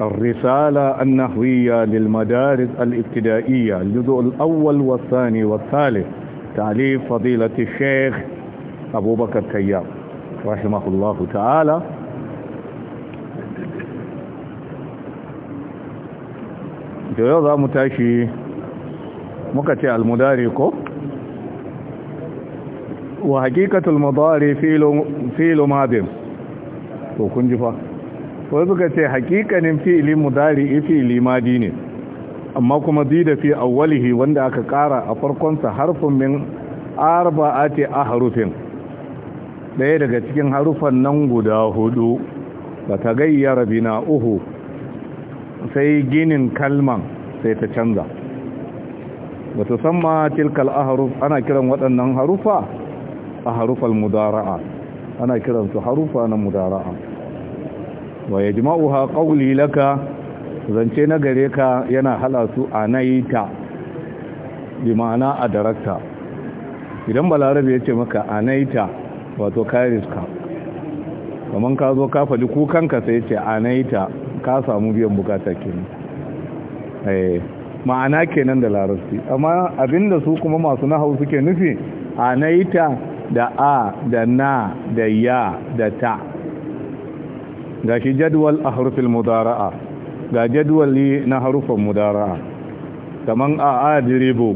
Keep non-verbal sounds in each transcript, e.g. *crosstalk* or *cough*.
الرسالة النحوية للمدارس الابتدائية الجزء الأول والثاني والثالث تعليف فضيلة الشيخ أبو بكر كياب رحمه الله تعالى yau متاشي مكتع المدارك وحقيقة المضاري almudari ko wa hakikatul mudari filu wasu suka ce hakikanin fi'ili mudari eh, fi'ili madi ne amma kuma zida fi awwalihi wanda aka kara a farkonsa harfin min arba'ati ahrufin daya daga cikin harufan nan guda hudu ba ta gayyara bina uhu sai ginin kalman sai ta canza ba ta samma tilkal aharuf ana kiran waɗannan harufa a harufal mudara'a ana kiransu harufa na mudara'a wa yajma'uha ƙauli laka zance na gare ka yana hala su ta? bi ma'ana darakta. idan balarabe ya ce maka ta wato kariska kaman ka zo ka faɗi kukanka sai ya ce ta, ka samu biyan bukata kenan eh, ma'ana kenan da larabci amma abinda su kuma masu nahau suke nufi anaita da a da na da ya da ta ga shi jadwal a harufin mudara'a ga jadwali na harufin mudara'a kaman a ajiribu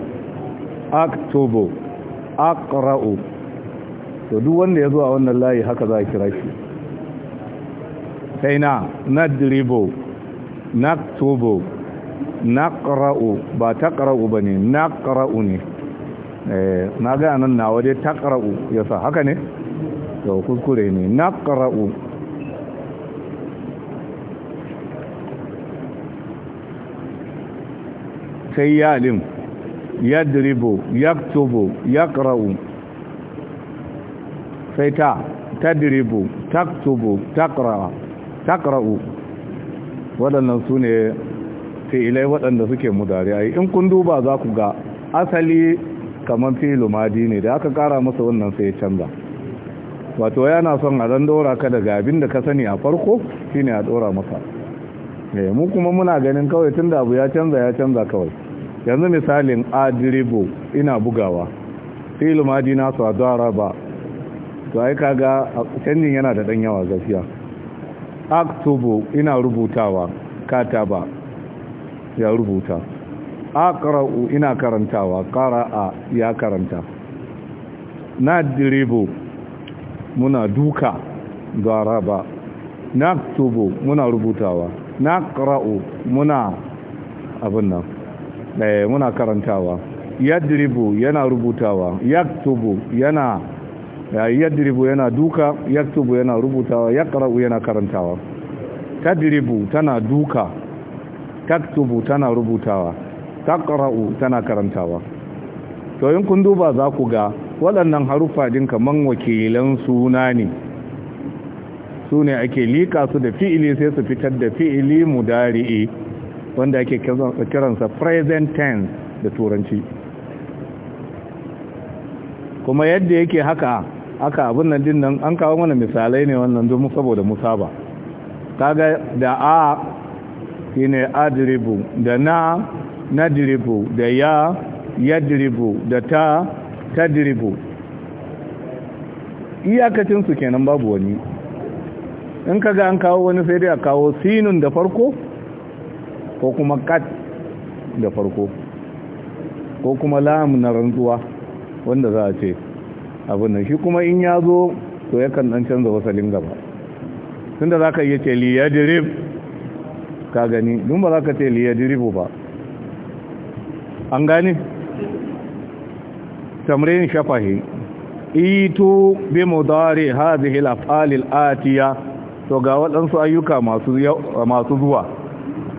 aktubu akra'u to duk wanda ya zo a wannan layi haka za a kira shi sai na nadribu naktubu naqra'u ba taqra'u bane naqra'u ne eh, na ga nan na waje taqra'u yasa haka ne to kuskure ne naqra'u sai ya ya yadribu ya sai ta ta taktubu ta waɗannan su ne fi'ilai waɗanda suke yi in kun duba za ku ga asali kamar fi'ilu madi ne da aka ƙara masa wannan sai ya canza wato yana son a dan ka daga abin da ka sani a farko shine a dora maka mu kuma muna ganin kawai tun da abu ya canza ya canza kawai yanzu misalin adribo ina bugawa filu madina su adara ba to ai kaga canjin yana da dan yawa gaskiya aktubo ina rubutawa kataba ya rubuta aqra'u ina karantawa a ya karanta na diribo muna duka na tubo muna rubutawa kara'u muna abin nan Eh, muna karantawa yadribu yana rubutawa yaktubu yana eh, yadribu yana duka yaktubu yana rubutawa yaqra'u yana karantawa tadribu tana duka taktubu tana rubutawa taqra'u tana karantawa to in kun duba za ku ga waɗannan haruffa din kaman wakilan suna ne su ne ake liƙa su da fi'ili sai su fitar da fi'ili mudari'i wanda ake kiransa present tense da turanci kuma yadda yake haka aka abin nan din nan an kawo mana misalai ne wannan domin saboda musaba kaga da a shine adribu da na nadribu da ya yadribu da ta tadribu iyakacin su kenan babu wani in kaga an kawo wani sai dai a kawo sinun da farko ko kuma kat da farko ko kuma lam na rantsuwa wanda za a ce abin nan shi kuma in ya zo to yakan dan canza wasalin gaba tunda za ka iya ce dirib ka gani dun ba za ka ce diribu ba an gane tamrin shafahi itu bi mudari hadhihi al afali al-atiya to ga waɗansu ayyuka masu zuwa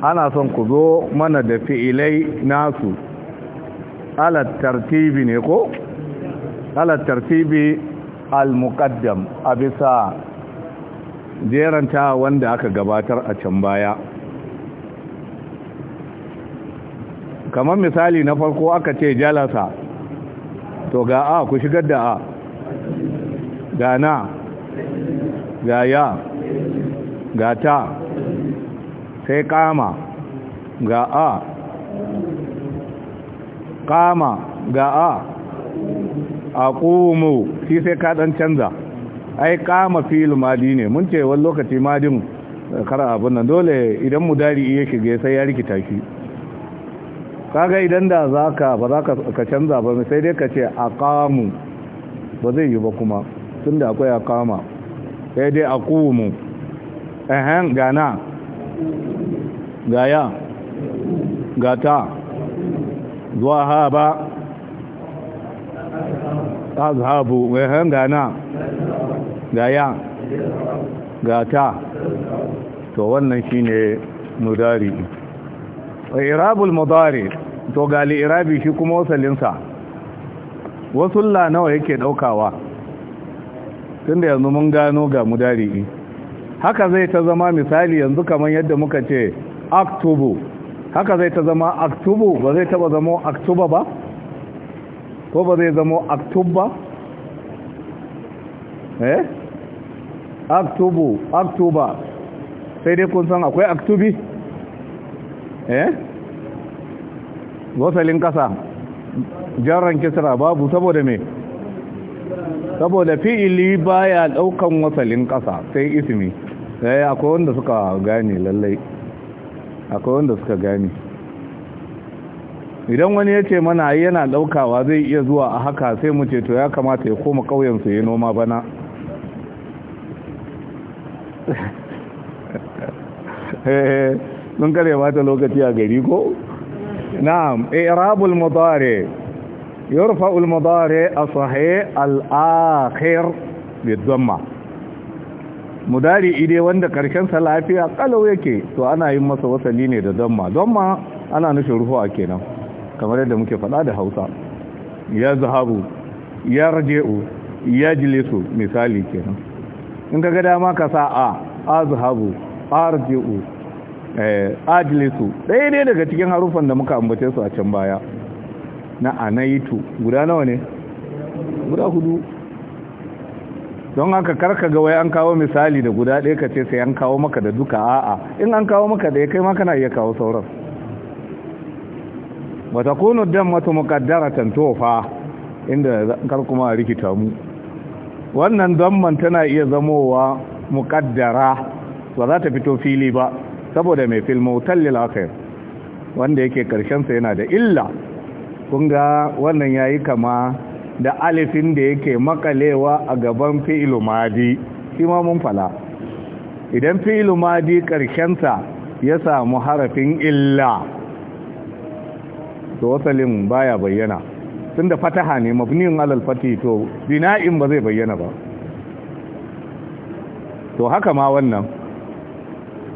ana son ku zo mana da fi'ilai nasu alat tartibi ne ko alat tartibi al-muqaddam a bisa jeranta wanda aka gabatar a can baya kamar misali na farko aka ce jalasa to ga a ku shigar da a ga na ga ya ga ta sai kama ga a kama ga a a ƙumu shi sai kaɗan canza ai kama filu madi ne mun ce wani lokaci madin eh, kara abin nan dole idan mu dari iya shige sai ya rikita shi kaga idan da za ka ba za ka canza ba sai dai ka ce a kamu ba zai yi ba kuma tun da akwai a kama sai dai a ƙumu ehen gana ga ya ga ta zuwa ha ba ta zahabu mai han gana ga ya ga ta to wannan ne mudari irabul mudari to gali irabi shi kuma wasalinsa Wasu wasulla nawa yake daukawa tunda yanzu mun gano ga mudari'i haka zai ta zama misali yanzu kamar yadda muka ce aktubu haka zai ta zama aktubu ba zai taba zama aktuba ba ko ba zai zama aktuba eh aktubu aktuba sai dai kun san akwai aktubi eh wasalin kasa jarran kisra babu saboda me saboda fi'ili baya daukan wasalin kasa sai ismi eh akwai wanda suka gane lallai akwai wanda suka gane idan wani ya ce mana yana daukawa zai iya zuwa a haka sai mu ce to ya kamata ya koma kauyensu ya noma bana *laughs* eh, mun kare mata lokaci a gari ko na'am i'rabul mudari yurfa'ul mudari as-sahih al-akhir mudari ide wanda karshen sa lafiya kalau yake to ana yin masa wasali ne da damma damma ana nufin a kenan kamar yadda muke faɗa da Hausa ya zahabu ya raje'u ya jilisu misali kenan in ka ga dama ka sa a azhabu arji'u eh ajlisu dai dai daga cikin harufan da muka ambace su a can baya na anaitu guda nawa ne guda hudu don haka karka ga wai an kawo misali da guda ɗaya ka ce sai an kawo maka da duka a'a in an kawo maka da ya kai ma kana iya kawo sauran wa dan dammatu muqaddaratan tantofa inda kar kuma rikita mu wannan damman tana iya zamowa mukaddara ba za ta fito fili ba saboda mai filmo tallil akhir wanda yake karshen sa yana da illa Kunga ga wannan yayi kama da alifin da yake makalewa a gaban fi'ilu madi shi ma mun fala idan fi'ilu madi sa ya samu harafin illa to wasalin baya bayyana tun da fataha ne mabniyin alal fati to bina'in ba zai bayyana ba to haka ma wannan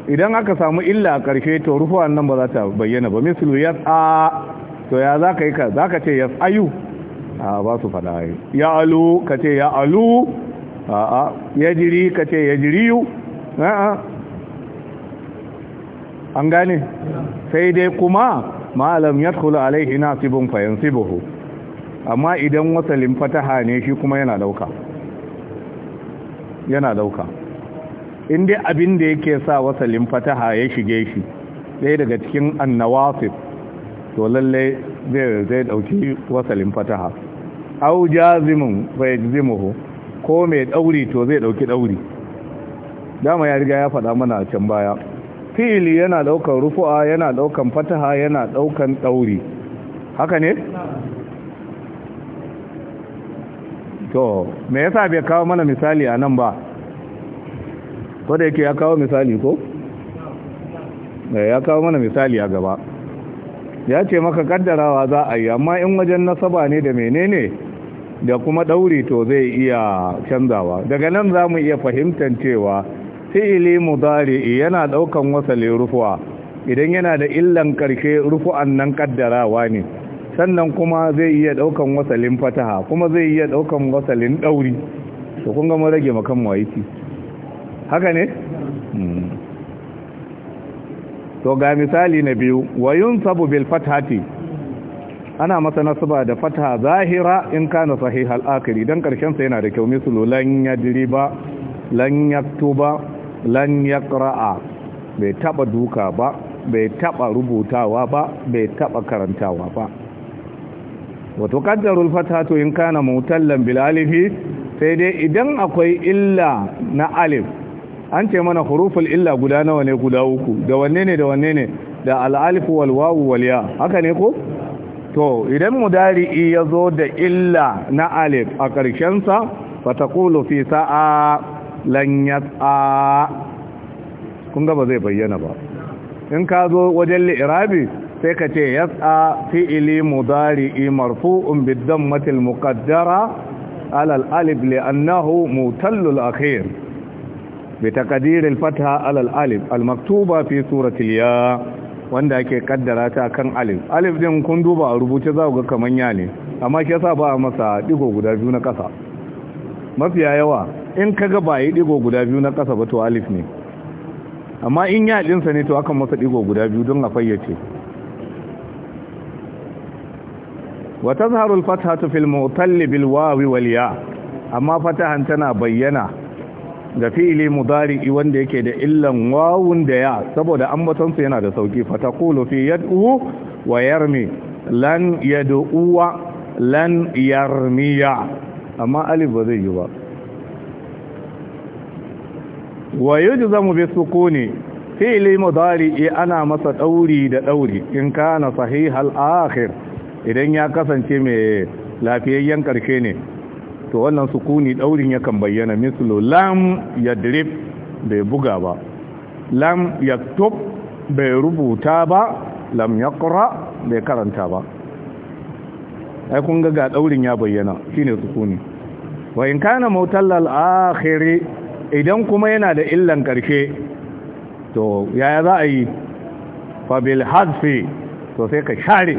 idan aka samu illa a ƙarshe to rufuwan nan ba za ta bayyana ba mislu ya to ya za ka yi ka za ka ce ya tsayu ba su fada ya alu ka ce ya alu a'a ya jiri ka ce ya jiriyu a'a an gane sai dai kuma malam ya kula alaihi nasibun fayansibuhu amma idan wasalin fataha ne shi kuma yana dauka yana dauka inda abin da yake sa wasalin fataha ya shige shi ɗaya daga cikin annawasif to lallai zai dauki wasalin fataha au jazimun fa yajzimuhu ko mai dauri to zai dauki dauri dama ya riga ya faɗa mana a can baya Fili yana daukan rufu'a yana daukan fataha yana daukan dauri haka ne to me yasa bai kawo mana misali a nan ba ko da yake ya kawo misali ko eh, ya kawo mana misali a gaba ya ce maka kaddarawa za a yi amma in wajen nasaba ne da menene da kuma ɗauri to zai iya canzawa daga nan za mu iya fahimtar cewa fi'ili mudari yana ɗaukan wasali rufuwa idan yana da illan ƙarshe rufu'an nan ƙaddarawa ne sannan kuma zai iya ɗaukan wasalin fataha kuma zai iya ɗaukan wasalin ɗauri to kun gama rage makan waiki haka ne? Hmm. to ga misali na biyu wayun sabu bil fatati ana masa nasaba da fatha zahira in kana sahih al-akhiri dan karshen sa yana da kyau mislu lan yadriba lan yaktuba lan yaqra'a bai taba duka ba bai taba rubutawa ba bai taba karantawa ba wato qaddarul fatha to in kana mutallan bil alifi sai dai idan akwai illa na alif an ce mana huruful illa guda nawa ne guda uku da wanne ne da wanne ne da al-alif wal wawu wal ya haka ne ko to idan mudari'i ya zo da illa na alif a ƙarshensa fatakulu fi sa'a lan yas'a kun ga ba zai bayyana ba in ka zo wajen li'irabi sai ka ce yas'a fi'ili mudari'i marfu'un bid-dammati al-muqaddara ala al-alif li'annahu mutallu akhir bi taqdir al-fatha alal alif al-maktuba fi surati ya wanda ake kaddara ta kan alif alif din kun duba a rubuce za ku ga kamanya ne amma shi yasa ba masa digo guda biyu na ƙasa mafiya yawa in kaga ba yi digo guda biyu na ƙasa ba to alif ne amma in ya dinsa ne to akan masa digo guda biyu don a fayyace Wata zaharul fata fathatu fil mu'talli wawi amma fatahan tana bayyana Da fi'ili mudari'i wanda yake da illan wawun da ya saboda ambaton su yana da sauki fataqulu fi yad'u wa yarmi lan wa lan yarmiya amma alif ba zai yi ba wa yujzamu bi sukuni fi'ili mudari'i ana masa dauri da dauri in kana sahihal akhir idan ya kasance mai lafiyayyen karshe ne to wannan sukuni daurin yakan bayyana mislu lam yadrib bai buga ba lam yaktub bai rubuta ba lam yaqra bai karanta ba ai kun ga ga daurin ya bayyana shine sukuni wa in kana mutallal akhir idan kuma yana da illan karshe to yaya za a yi fa bil hadfi to sai ka share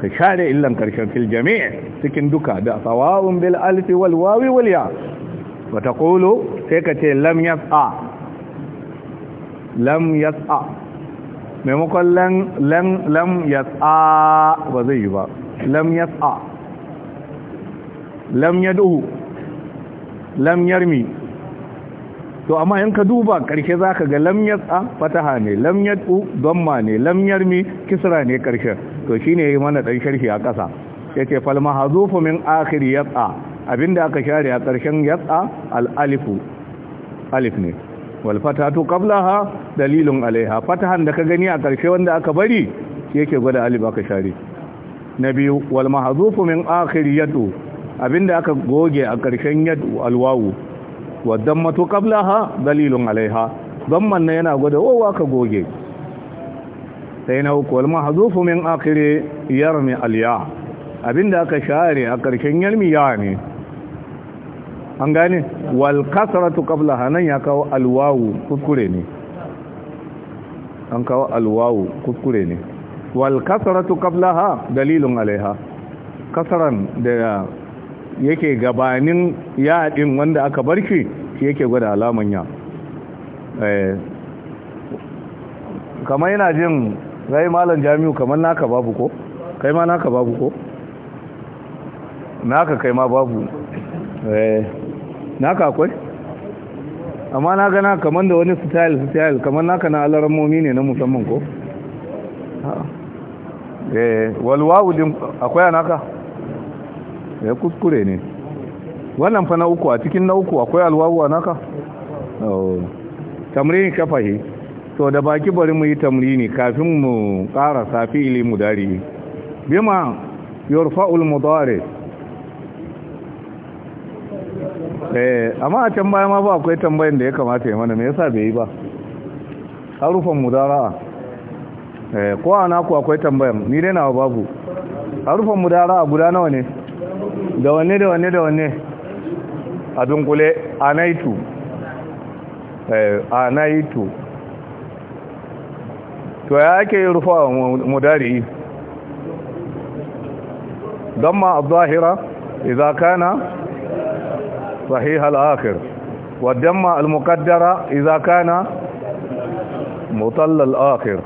ka share illan karshen fil jami' cikin duka da sawa'un bil alfi wal wawi wal ya wa taqulu sai ka ce lam yas'a lam yas'a maimakon lam lam lam yas'a ba zai yi ba lam yas'a lam yad'u lam yarmi to amma in ka duba karshe zaka ga lam yas'a fataha ne lam yad'u damma ne lam yarmi kisra ne karshen to shi ne yi mana ɗan sharhi a ƙasa Ya ce, fal mahzufu min akhir yatsa abinda aka share a ƙarshen yatsa al alif ne to ƙabla ha dalilun alaiha fatahan da ka gani a ƙarshe wanda aka bari yake gwada alif aka share na biyu wal mahzufu min akhir yadu abinda aka goge a ƙarshen yadu alwawu. wadda wa ƙabla ha dalilun alaiha na yana gwada wawa ka goge sai na uku wal mahzufu min akhiri yarmi alya abinda aka share a karshen yarmi ya ne an gane wal kasratu qabla hanan ya kawo alwawu kuskure ne an kawo alwawu kuskure ne wal kasratu ha, dalilun alaiha kasaran da yake gabanin yaɗin wanda aka barki shi yake gwada alaman ya eh, kamar yana jin zai malam jami'u kamar naka babu ko kai ma naka babu ko naka kai ma babu eh naka akwai amma na gana kamar da wani style style kamar naka na alarammomi ne na musamman ko ah. eh walwawu din akwai naka ya eh, kuskure ne wannan fa na uku a cikin na uku akwai alwawu naka oh tamrin kafahi so da baki bari mu yi tamrini kafin mu ƙara safi ili mudari bima yurfa'ul mudari eh amma a can baya ma ba akwai tambayin da ya kamata ya mana me yasa bai yi ba harufan mudara eh ko ana ku akwai tambayan ni dai nawa babu harufan mudara, guda nawa ne da wanne da wanne da wanne a dunkule anaitu eh anaitu to ya ake rufawa rufa wa mudari don al-zahira idan kana sahih al-akhir wa damma al-muqaddara idan kana mutall al-akhir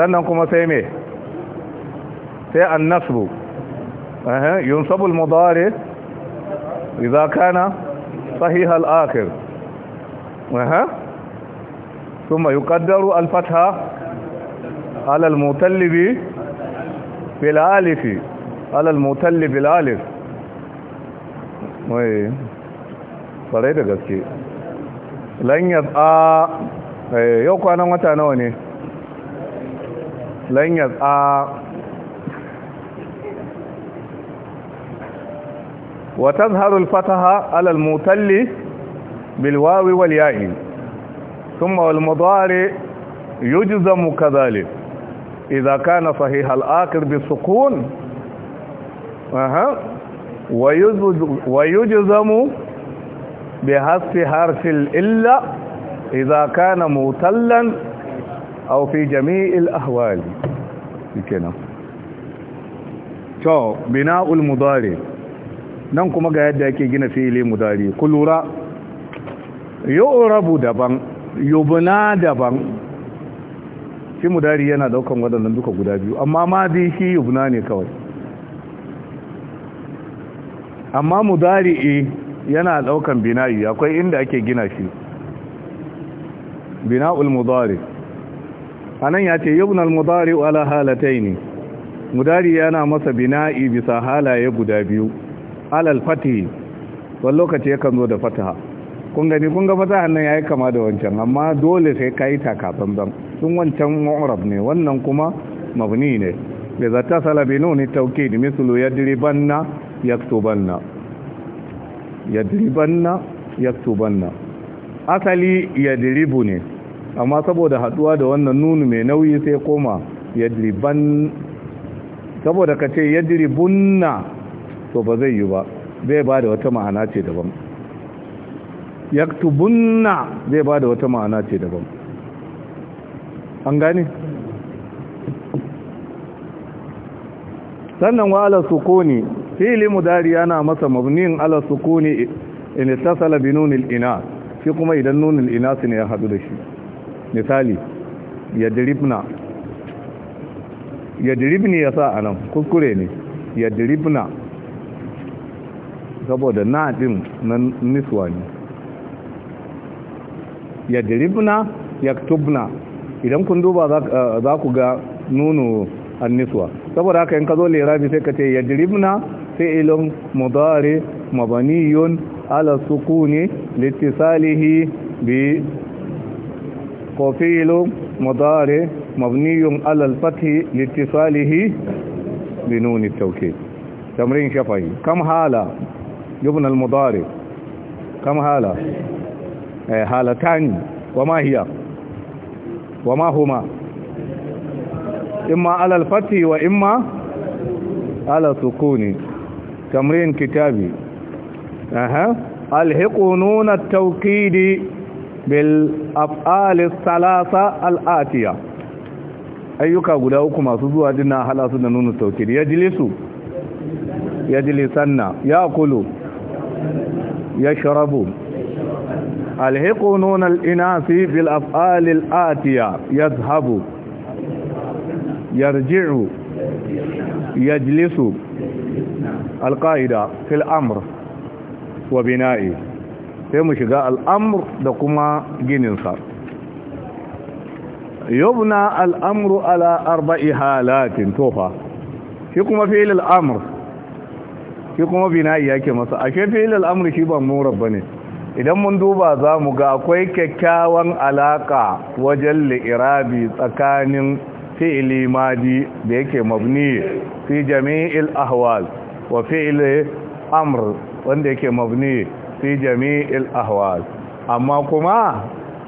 sannan kuma sai me sai an-nasbu eh yunsabu al-mudari idan kana sahih al-akhir ثم يقدر الفتحة على المتلب بالالف على المتلب بالالف وي فري ده لن يبقى إيه، يو كان متى نو ني لن يبقى وتظهر الفتحة على المتل بالواو والياء ثم المضارع يجزم كذلك اذا كان صحيح الاخر بالسكون اها ويجزم wa yujzamu الا اذا كان illa او في mutallan الاحوال fi تو بناء المضارع nan kuma ga yadda yake gina fi'ili mudari kullura yu'rabu daban yubna daban shi mudari yana daukan waɗannan duka guda biyu amma madi shi yubna ne kawai amma mudari'i eh, yana daukan bina'i akwai inda ake gina shi bina'ul mudari anan ya ce yubna al-mudari ala halataini mudari yana masa bina'i bisa halaye guda biyu alal fatihi wani lokaci yakan zo da fataha kun gani kun ga fatahan nan yayi kama da wancan amma dole sai kai ban sun wancan mu'rab ne wannan kuma mabni ne ta bi ya salabi nuni ya mislu yadribanna ya yadribanna yaktubanna asali ya yadribu ne amma saboda haduwa da wannan nunu mai nauyi sai koma yadriban saboda ka ce ya bunna, to ba zai yi ba zai ba da wata ma'ana ce daban yaktubunna zai ba da wata ma'ana ce daban an gane sannan wa ala sukuni fi'li mudari yana masa mabnin ala sukuni in tasala bi nunil inas shi kuma idan nunil inas ne ya hadu da shi misali yadribna yadribni yasa anan kuskure ne yadribna saboda na din nan niswa yadribna yaktubna idan kun duba za eh, ku ga nunu anniswa saboda haka in ka zo lirabi sai ka ce yadribna fi'ilun mudari mabaniyun ala sukuni littisalihi bi ko fi'ilun mudari mabniyun ala alfathi litisalihi bi nuni tauke. tamrin shafayi kam hala yubna al mudari kam hala eh, halatani wa mahiya wa ma huma imma alal fati wa imma ala sukuni tamrin kitabi aha nuna nun at-tawkid bil af'al ath-thalatha ayyuka guda uku masu zuwa dinna halasu da nunu tawkid yajlisu yajlisanna Ya yashrabu alhiqu nun al-inasi fil af'al al-atiya yadhhabu yarji'u yajlisu al-qa'ida fil amr wa bina'i sai mu shiga al da kuma ginin sa yubna al-amru ala arba'i halatin tofa shi kuma fi'il al shi kuma bina'i yake masa ashe fi'il al-amr shi ba murab bane idan mun duba za mu ga akwai kyakkyawan alaƙa wajen li'irabi tsakanin fi'ili madi da yake mabni fi jami'il ahwal wa fi'ili amr wanda yake mabni fi jami'il ahwal amma kuma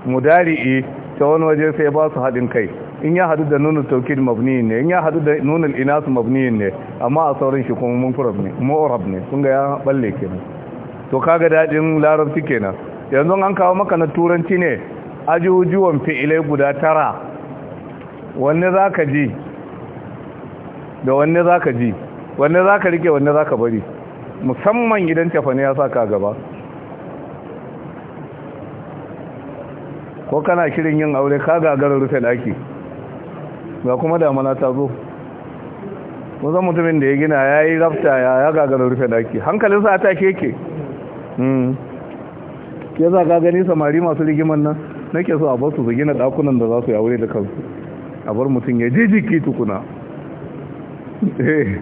mudari'i ta wani waje sai ba su haɗin kai in ya hadu da nunin taukid mabni ne in ya hadu da nunin inas mabni ne amma a saurin shi kuma mun kurab ne mu'rab ne kun ga ya balle kenan to kaga dadin larabci kenan yanzu an kawo maka na turanci ne ajujuwan fi'ilai guda tara wanne zaka ji da wanne zaka ji wanne zaka rike wanne zaka bari musamman idan tafani ya saka gaba ko kana shirin yin aure ka gagarar rufe daki ga kuma damana ta zo wanzan mutumin da ya gina ya yi rafta ya gagarar rufe daki hankalinsa a ke yake Hmm. ya za ka gani samari masu rigiman nan nake so a bar su gina dakunan da za su yi da kansu a bar mutum ya je jiki tukuna eh.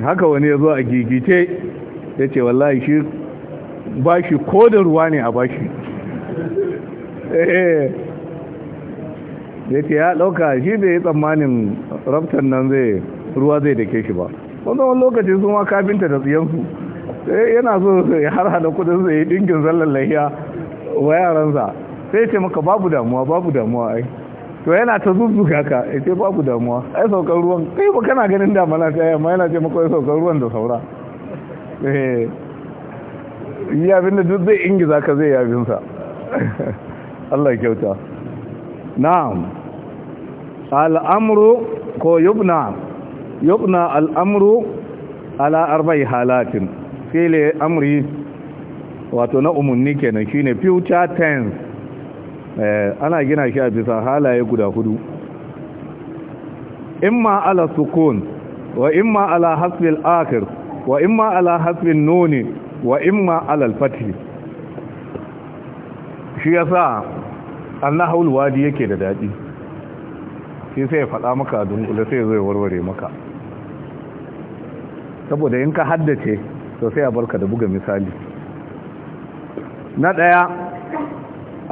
haka wani ya zo a gigite ya ce wallahi shi bashi ko da ruwa ne a bashi eh. ya ce ya ɗauka shi da ya tsammanin rabtar nan zai ruwa zai dake shi ba wanda wani lokaci su ma kafinta da tsiyansu yana so ya har hada kudin su yi dingin zallan lahiya wa yaransa sai ce maka babu damuwa babu damuwa ai to yana ta zuzzuga ka ya ce babu damuwa ai saukar ruwan kai ba kana ganin mana ta yamma yana ce maka saukar ruwan da saura eh yi abinda duk zai ingiza ka zai yabinsa *laughs* Allah kyauta na'am al'amru ko yubna yubna al'amru ala arba'i halatin fili amri wato na umarni kenan shine future tense ana gina shi a bisa halaye guda hudu imma ala sukun wa imma ala hasbil akhir wa imma ala hasbin nuni wa imma ala al-fathi shi yasa annahul wadi yake da dadi shi sai ya faɗa maka dunkule sai zai warware maka saboda in ka haddace to sai a barka da buga misali na ɗaya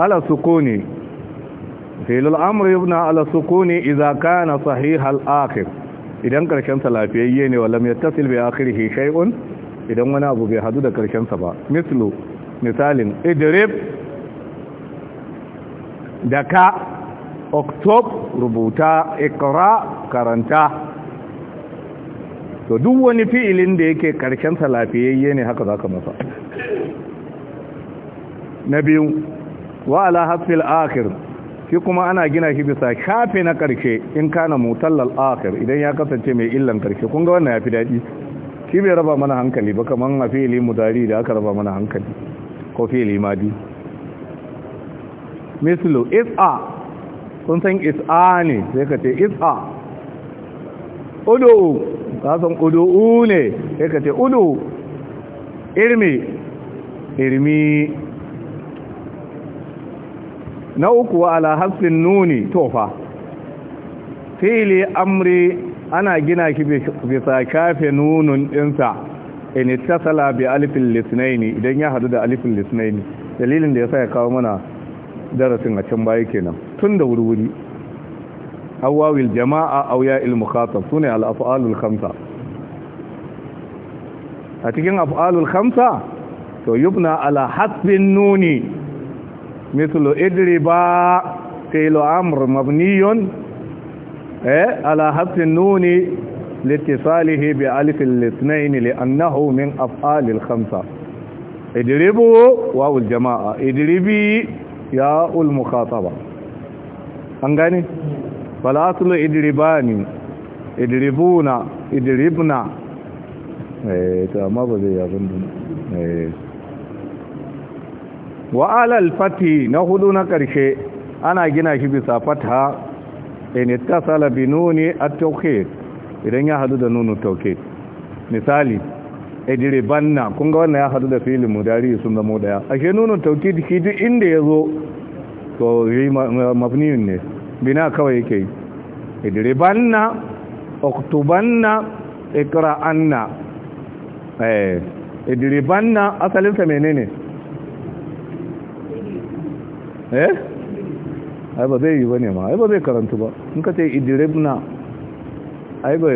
ala sukuni filil amri na ala sukuni idza kana sahih al akhir idan karshen sa lafiyayye ne walam yattasil bi akhirih shay'un idan wani abu bai hadu da karshen sa ba mislu misalin idrib daka oktob rubuta ikra karanta to duk wani fi'ilin da yake karshen sa lafiyayye ne haka zaka masa na biyu wa ala hasfil akhir shi kuma ana gina shi bisa shafe na karshe in kana mutallal akhir idan ya kasance mai illan karshe kun ga wannan yafi daɗi. shi bai raba mana hankali ba kaman a fi'ili mudari da aka raba mana hankali ko fi'ili madi mislu is'a kun san is'a ne sai ka ce is'a udu kasan udu'u ne sai ka ce udu irmi irmi na uku wa ala nuni tofa fili amri ana gina ki bisa kafe nunun ɗinsa. in ittasala bi alifin lisnaini idan ya haɗu da alifin lisnaini dalilin da ya sa ya kawo mana darasin a can baya kenan tun da wuri-wuri. aw wawil jama'a aw sune al af'alul a cikin af'alul khamsa to yubna ala hasbin nuni mithlu idriba taylu amr mabniyun eh ala hasbin nuni لاتصاله بألف الاثنين لأنه من أفعال الخمسة اضربوا واو الجماعة اضربي ياء المخاطبة أنغاني؟ falasulu idribani idribuna idribna eh to amma ba zai yabin din eh wa alal fati na hudu na karshe ana gina shi bisa fatha in ittasala bi nuni at-tawkid idan ya hadu da nunu tawkid misali idribanna kun ga wannan ya hadu da fi'il mudari sun zama daya ashe nunu tawkid shi duk inda yazo to mabniyun ne bina kawai yake yi idribanna oktubanna ikra'anna eh idribanna asalinsa menene eh ai ba zai yi bane ma ai ba zai karanta ba in ka ce idribna ai ba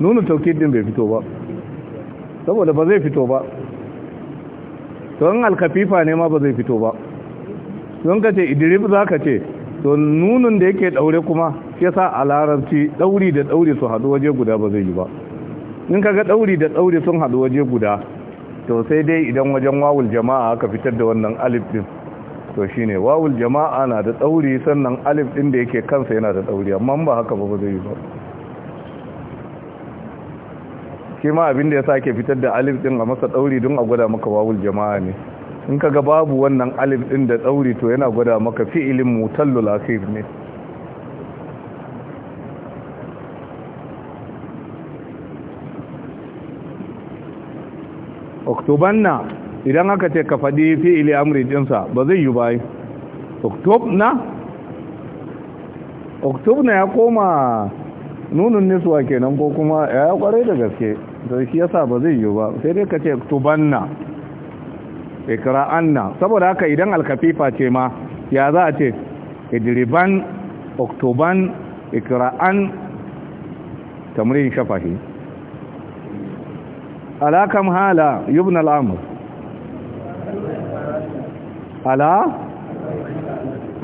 nuna din bai fito ba saboda ba zai fito ba don alkafifa ne ma ba zai fito ba don ka ce idrib za ka ce to nunun da yake daure kuma ya sa a larabci dauri da dauri su haɗu waje guda ba zai yi ba in kaga dauri da dauri sun haɗu waje guda to sai dai idan wajen wawul jama'a aka fitar da wannan alif din to shine wawul jama'a na da dauri sannan alif din da yake kansa yana da dauri amma ba haka ba zai yi ba kima ma abin da ya sake fitar da alif din a masa dauri don a gwada maka wawul jama'a ne in kaga babu wannan alif din da tsauri to yana gwada maka fi'ilin mutallul akhir ne oktobanna idan aka ce ka faɗi fi'ili amri dinsa ba zai yi bai oktobna oktobna ya koma nunun nisuwa kenan ko kuma ya kwarai da gaske da shi yasa ba zai yi ba sai dai ka ce oktobanna anna saboda haka idan alkafifa ce ma ya za a ce idriban oktoban ikra'an tamrin shafahi alakam hala yubn al'amur ala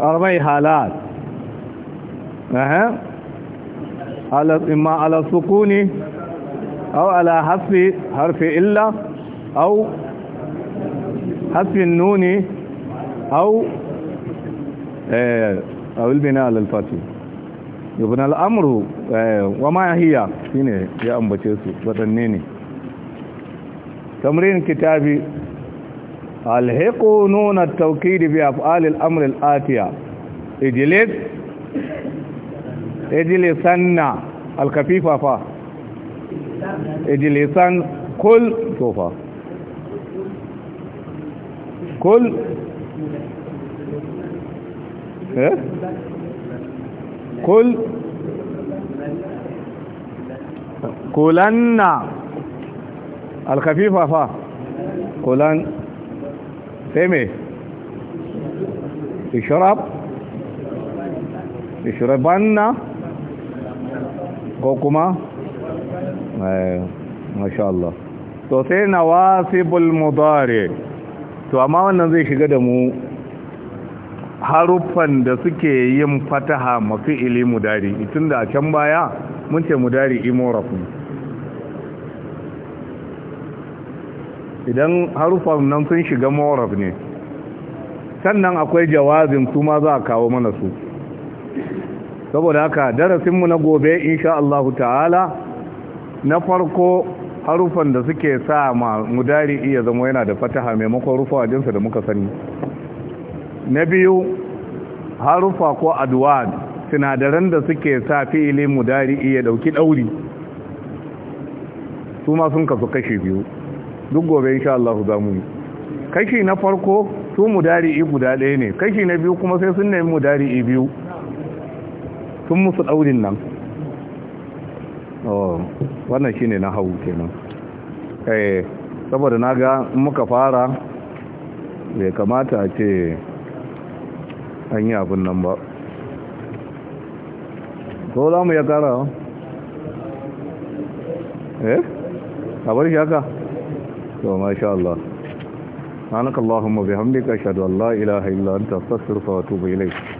arba'i halat aha ala imma ala sukuni aw ala hasfi harfi illa aw hasfin nuni au a wilbina alalfatu yabin al'amuru wa ma hiya shi ne ya ambace su waɗanne ne tamrin kitabi alhiku nuna taukidi bi af'alil amril atiya ijilis ijilisanna alkafifa fa kul كل ايه كل كلنا الخفيفة فا كلن تمي اشرب اشربنا كوكما إيه، ما شاء الله تو سي نواصب المضارع to amma wannan zai shiga da mu haruffan da suke yin fataha ili mudari tun da a can baya mun ce mudari imorafin idan haruffan nan sun shiga moraf ne sannan akwai jawazin su ma za a kawo mana su saboda haka darasinmu na gobe insha Allah ta'ala na farko harufan da suke sa ma mudari iya zama yana da fataha maimakon rufa jinsa da muka sani na biyu harufa ko adwad sinadaran da suke sa fi'ilin mudari iya dauki dauri su ma sun kasu kashi biyu duk gobe insha Allah za mu kashi na farko su i guda ɗaya ne kashi na biyu kuma sai sun nemi i biyu sun musu ɗaurin nan Oh, wannan shine na hau kenan eh saboda naga ga muka fara bai kamata a ce an yi abin nan ba ko za mu ya kara eh abar shi haka to masha Allah سبحانك اللهم وبحمدك اشهد ان لا اله الا انت استغفرك واتوب اليك